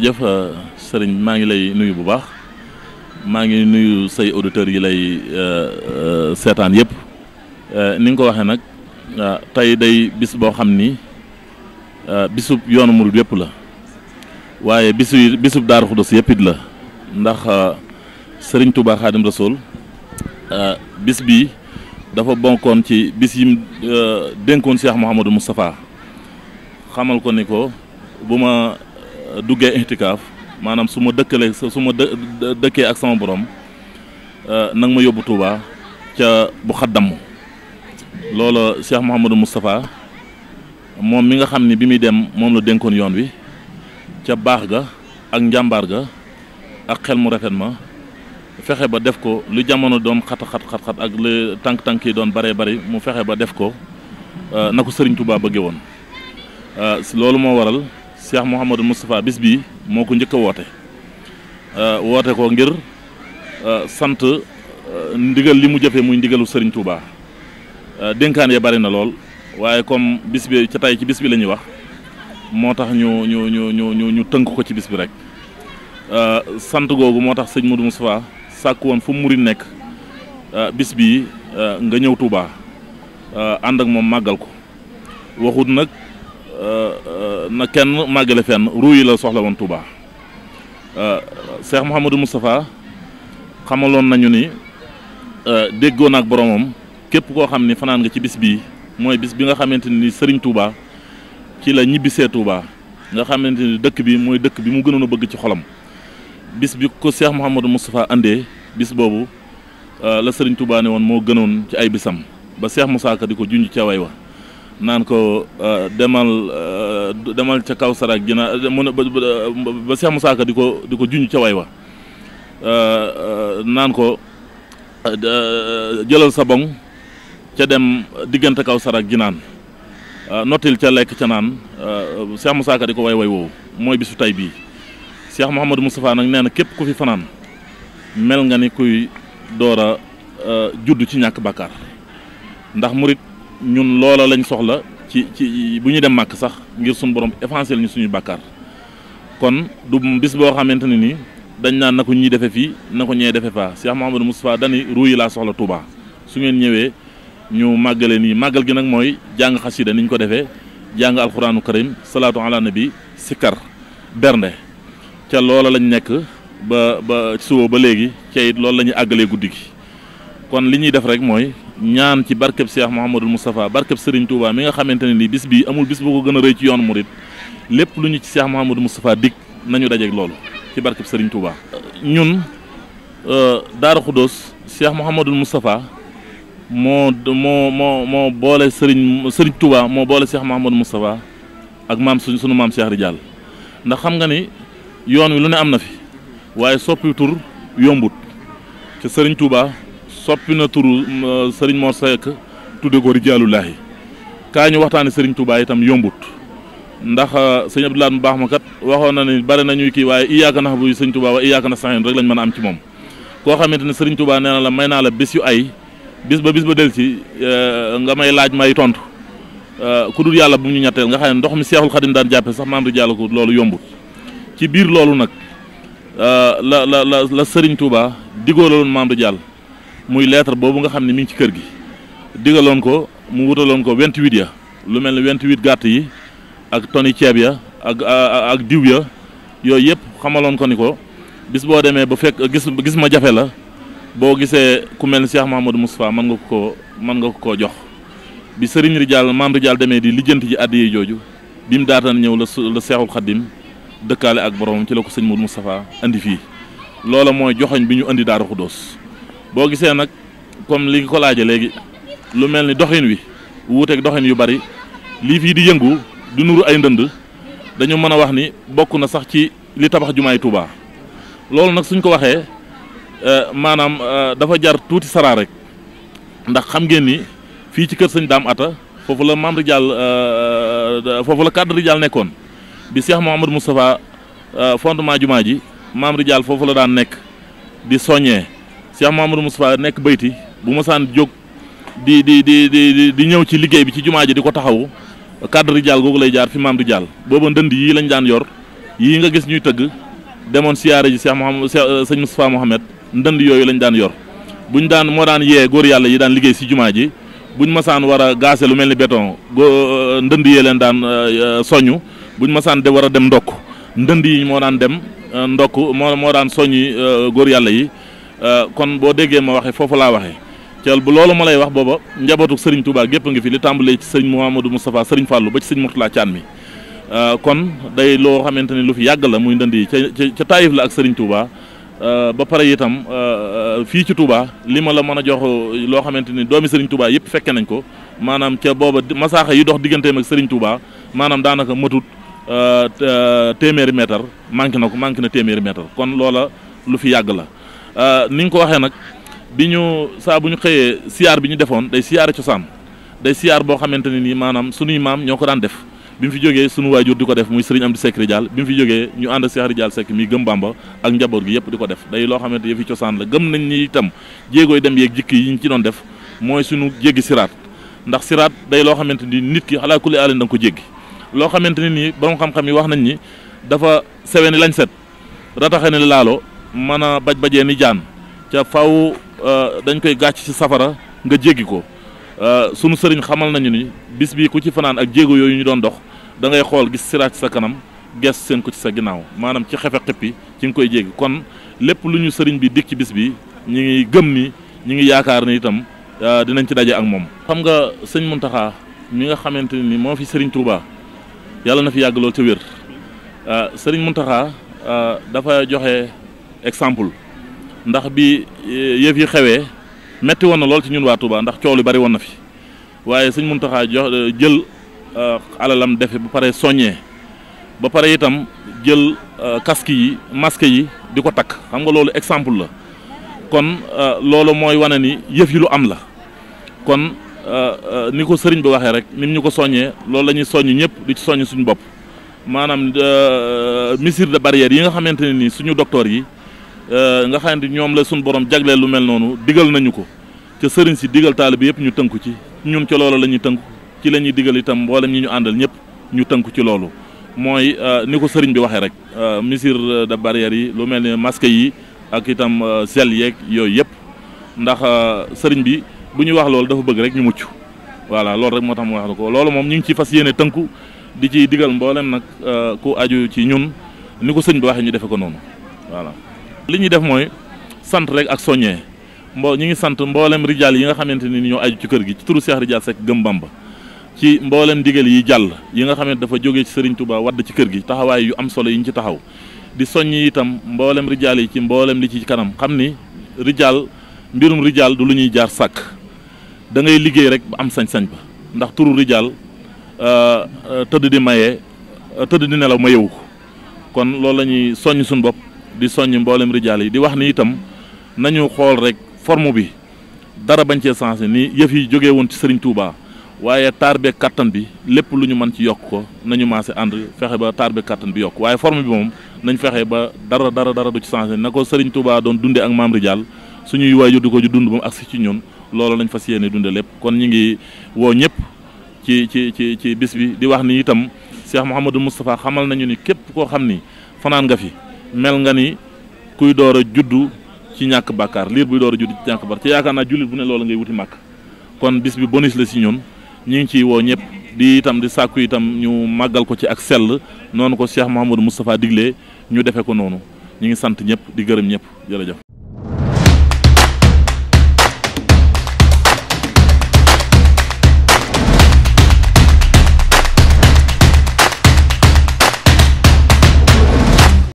jëf euh, sëriñ maa ngi lay nuyu bu baax maa ngi nuyu say auditeurs yi lay euh, euh, seetaan yëpp ni nga ko waxee nag tey day bis boo xam ni bisub yoonu murid yëpp la waaye bisu bisub Daaru Xudoos yëpp it la ndax sëriñ Touba Xaadim Rasool bis bi dafa bonkoon ci bis yim dénkoon Cheikh Mouhamadou Moustapha xamal ko ni ko bu ma duggee intikaaf maanaam su ma dëkkalee su ma dëkkee ak sama borom euh, nang ma yóbbu Touba ca bu xaddam loola Cheikh Mouhamadou Moustapha moom mi nga xam ni bi muy dem moom la dénkoon yoon wi ca baax ga ak njàmbaar ga ak xel mu rafet ma fexe ba def ko lu jamono doon xat xat xat ak lu tànk-tànk yi doon bare bari mu fexe ba def ko euh, na ko Sëriñ Touba bëgge woon euh, loolu moo waral Cheikh Mouhamadou Moustapha bis bii moo ko njëkk a woote euh, woote ko ngir euh, sant euh, ndigal li mu jëfee muy ndigalu sëriñ Touba dénkaan ya bari na lool waaye comme bis bi ca tey ci bis bi lañuy wax moo tax ñu ñu ñu ñu ñu tënk ko ci bis bi rek sant googu moo tax sëñ Modou Moustapha sàkk woon fu mu muri nekk bis bi nga ñëw Touba ànd ak moom màggal ko waxut nag. na kenn màggale fenn ruu yi la soxla woon Touba Cheikh Mouhamadou Moustapha xamaloon nañu ni déggoo na ak boromam képp koo xam ni fanaan nga ci bis bii mooy bis bi nga xamante ni Serigne Touba ci la ñibbisee Touba nga xamante ni dëkk bi mooy dëkk bi mu gënoon a bëgg ci xolam bis bi ko Cheikh Mouhamadou Moustapha indee bis boobu la sëriñ Touba ne woon moo gënoon ci ay bisam ba Cheikh Moussa di ko junj ca way wa naan ko euh, demal euh, demal ca kaw sarak jina mën a ba ba mu Moussa di ko di ca way wa euh, naan ko jëlal sa boŋ ca dem diggante kaw sarak jinaan nottil ca lekk ca naan Cheikh Moussa Ka di ko way way woowu mooy bisu tay bii Cheikh Mouhamadou Moustapha nag nee na képp ku fi fanaan mel nga ni kuy door a judd ci ñàkk bàkkaar ndax murit ñun loola lañ soxla ci ci bu ñu dem màkk sax ngir suñu borom effacer ñu suñuy bàkkaar kon du bis boo xamante ne ni dañ naan na ko ñii defe fii na ko ñee defe faa Cheikh Mouhamadou Moustapha dani ruu yi laa soxla Touba su ngeen ñëwee ñu màggale nii màggal gi nag mooy jàng xasida niñ ko defee jàng alxuraanu karim salaatu ala nabi sikkar bernde ca loola lañ nekk ba ba suba ba léegi ca it loolu la ñuy àggalee guddi gi kon li ñuy def rek mooy ñaan ci barkeb Cheikh Mouhamadul Moustapha barkeb Serigne Touba mi nga xamante ne ni bis bi amul bis bu ko gën a rëy ci yoon murit lépp lu ñu ci Cheikh Mouhamadul Moustapha dig nañu dajeeg loolu ci barkeb Serigne Touba. ñun euh, Daara Khoudoss Cheikh Mouhamadul Moustapha moo moo moo moo boole sëriñ Serigne Touba moo boole Cheikh Mouhamadul Moustapha ak maam suñ sunu maam Cheikh jàll ndax xam nga ni yoon wi lu ne am na fi waaye soppi tur yombut te Serigne Touba. soppi na turu mm, euh, sëriñ Mor Seck tudde ko rijaalullaahi kaa ñu waxtaane sëriñ Touba itam yombut ndax euh, sëñ Abdoulaye mu baax ma kat waxoon na ne bare nañuy kii waaye iyaaka nax bu sëñ Touba wa iyaaka na saxin rek lañ mën a am ci moom koo xamante ne sëriñ Touba nee na la may naa la bis yu ay bis ba bis ba del ci euh, nga may laaj may tontu ku yàlla bu ñu ñetteel nga xam ne ndox mi seexul xadim daan jàppe sax maam rijaal ko loolu yombut ci biir loolu nag la la la la sëriñ Touba digoo la loon muy lettre boobu nga xam ne mi ngi ci kër gi digaloon ko mu wutaloon ko 28 ya lu mel ne 28 gàtt yi ak toni ceeb ya ak ak diw ya yooyu yëpp xamaloon ko ni ko bis boo demee ba fekk gis gis ma jafe la boo gisee ku mel ne Cheikh Mahamadou Moustapha mën nga ko mën nga ko jox bi Serigne Ridial maam Ridial demee di lijjanti ji addi yi jooju bi mu daataan ñëw la la Seexul Xaddim dëkkaale ak borom ci la ko sëñ Moustapha indi fii loola mooy joxoñ bi ñu andi Daaru Xuddoos boo gisee nag comme li nga ko laaje léegi lu mel ni doxin wi wuuteeg doxin yu bari lii fii di yëngu du nuru ay ndënd dañu mën a wax ni bokk na sax ci li tabax jumaay Touba loolu nag suñ ko waxee euh, maanaam euh, dafa jar tuuti saraa rek ndax xam ngeen ni fii ci kër sëñ Daam ata foofu la membre Rijaal euh, foofu la cadre Rijaal nekkoon bi Cheikh Mouhamadou Moustapha fondement jumaa ji membre Rijaal foofu la daan nekk di soññee Cheikh Mamadou Moustapha nekk bayti bu mosaan jóg di di di di di ñëw ci liggéey bi ci jumaa ji di ko taxawu cadre jaal googu lay jaar fi maam du jaal booba ndënd yii lañ daan yor yii nga gis ñuy tëgg demoon siyaare ji Cheikh Mouhamed euh, sëñ Moustapha Mohamed ndënd yooyu lañ daan yor buñ daan moo daan yee góor yàlla yi daan liggéey si jumaa ji buñ masaan war a gaase lu mel ni beton euh, ndënd yee leen daan euh, soñu buñ masaan de war a dem ndokk ndënd yi moo dem ndokk moo moo daan góor yàlla yi Euh, kon boo déggee ma waxee foofu laa waxee ceel bu loolu ma lay wax booba njabootu Serigne Touba gépp a ngi fi li tàmbalee ci sëñ Mouhamadou Moustapha Serigne Fallou ba ci sëñ Mourtala Thiam mi euh, kon day loo xamante ni lu fi yàgg la muy ndënd yi ca ca Taïf la ak Serigne Touba euh, ba pare itam fii ci Touba li ma la mën a jox loo xamante ni doomi Serigne Touba yëpp fekke nañ ko maanaam ca booba masaaxa yi dox digganteem ak Serigne Touba maanaam daanaka matut téeméeri mètre manqué na ko manqué na téeméeri mètre kon loola lu fi yàgg la. Euh, ni nga ko waxee nag bi ñu saa bu ñu xëyee siyaar bi ñu defoon day siyaare cosaan day siyaar boo xamante ne nii maanaam sunuy maam ñoo ko daan def bi mu fi jógee sunu waajur di ko def muy sëriñ Amdi Seck Ridial bi mu fi jógee ñu ànd Seex Ridial Seck mi gëm Bàmba ak njaboot gi yëpp di ko def day loo xamante yëfi cosaan la gëm nañ ni tam jéegooy dem yéeg jikki yi ñu ci doon def mooy sunu jéggi siraat ndax siraat day loo xamante ni nit ki xalaa kulli àlin da ko jéggi loo xamante ne nii borom xam yi wax nañ ni dafa sewe lañ set rataxe ne mën a baj bajee ni jaan ca faw euh, dañ koy gàcc ci safara nga jéggi ko euh, sunu sëriñ xamal nañu ni bis bi ku ci fanaan ak jéego yooyu ñu doon dox da ngay xool gis siraat ci sa kanam gees seen ko ci sa ginnaaw maanaam ci xefe xippi ci nga koy jéggi kon lépp lu ñu sëriñ bi dikk ci bis bi ñu ngi gëm ni ñu ngi yaakaar ni itam euh, dinañ ci daje ak moom. xam nga sëñ Muntaxa mi nga xamante ni moo fi sëriñ Touba yàlla na fi yàgg lool ca wér sëriñ Muntaxa dafa joxe. exemple ndax bi eh, yëf yi xewee metti woon na lool ci ñun waa Touba ndax coow li bari woon na fi waaye sëñ Muntaxa jox eh, jël eh, alalam defe ba pare soññee ba pare itam jël casque yi masque yi di ko takk xam nga loolu exemple la kon loolu mooy wane ni yëf yi lu am la kon ni ko sëriñ bi waxee rek nim ñu ko soññee loolu la ñuy soññ ñëpp di soññ suñu bopp maanaam mesure de barrière yi nga xamante ne ni suñu docteur yi Euh, nga xam ñoom la suñu borom jagleel lu mel noonu digal nañu ko ca sëriñ si digal taalibe yëpp ñu tënku ci ñoom ca loolu la ñuy tënku ci la ñuy digal itam mboolem ñu àndal ñëpp ñu tënku ci loolu mooy euh, ni ko sëriñ bi waxee rek euh, mesures de barrières yi lu mel ne masque yi ak itam sel yeeg yooyu yëpp ndax sëriñ bi bu ñuy wax loolu dafa bëgg rek ñu mucc voilà loolu rek moo tax mu wax ko loolu moom ñu ngi ci fas yéene tënku di ci digal mboolem nag ku aju ci ñun ni ko sëriñ bi waxee ñu defe ko noonu voilà li ñuy def mooy sant rek ak soññee mbo ñu ngi sant mboolem rijaal yi nga xamante ni ñoo aju ci kër gi ci turu Seex Rijaal Sekk Gëm Bamba ci mboolem ndigal yi jàll yi nga xamante dafa jógee ci Serigne Touba wadd ci kër gi taxawaay yu am solo yi ñu ci taxaw di soññ itam mboolem rijaal yi ci mboolem li ci kanam xam ni rijaal mbirum rijaal du lu ñuy jaar sàkk da ngay liggéey rek ba am sañ-sañ ba ndax turu rijaal euh, euh, tëdd di maye tëdd di nelaw ma yewu kon loolu la ñuy suñu bopp. di soññ mboolem rijaal yi di wax ni itam nañu xool rek forme bi dara bañ cee sensé ni yëf yi jóge woon ci Serigne Touba waaye taar beeg kàttan bi lépp lu ñu mën ci yokk ko nañu maase ànd fexe ba taar beeg kàttan bi yokk waaye forme bi moom nañ fexe ba dara dara dara du ci sensé na ko Serigne Touba doon dundee ak maam rijaal suñuy waajur di ko ju dund ba mu agsi ci ñun loolu lañ fas yéene dunde lépp kon ñu ngi woo ñëpp ci ci ci ci bis bi di wax ni itam Cheikh Mouhamadou Moustapha xamal nañu ni képp koo xam ni fanaan nga fi. mel nga ni kuy door a juddu ci ñàkk bakkaar liir buy door a juddu ci ñàkk bàkkaar ci yaakaar naa jullit bu ne loolu ngay wuti màkk kon bis bi bonus la si ñun ñu ngi ciy woo ñëpp di itam di saaku itam ñu màggal ko ci ak sell noonu ko Cheikh Mouhamadou Moustapha digle ñu defe ko noonu ñu ngi sant ñëpp di gërëm ñëpp jërëjëf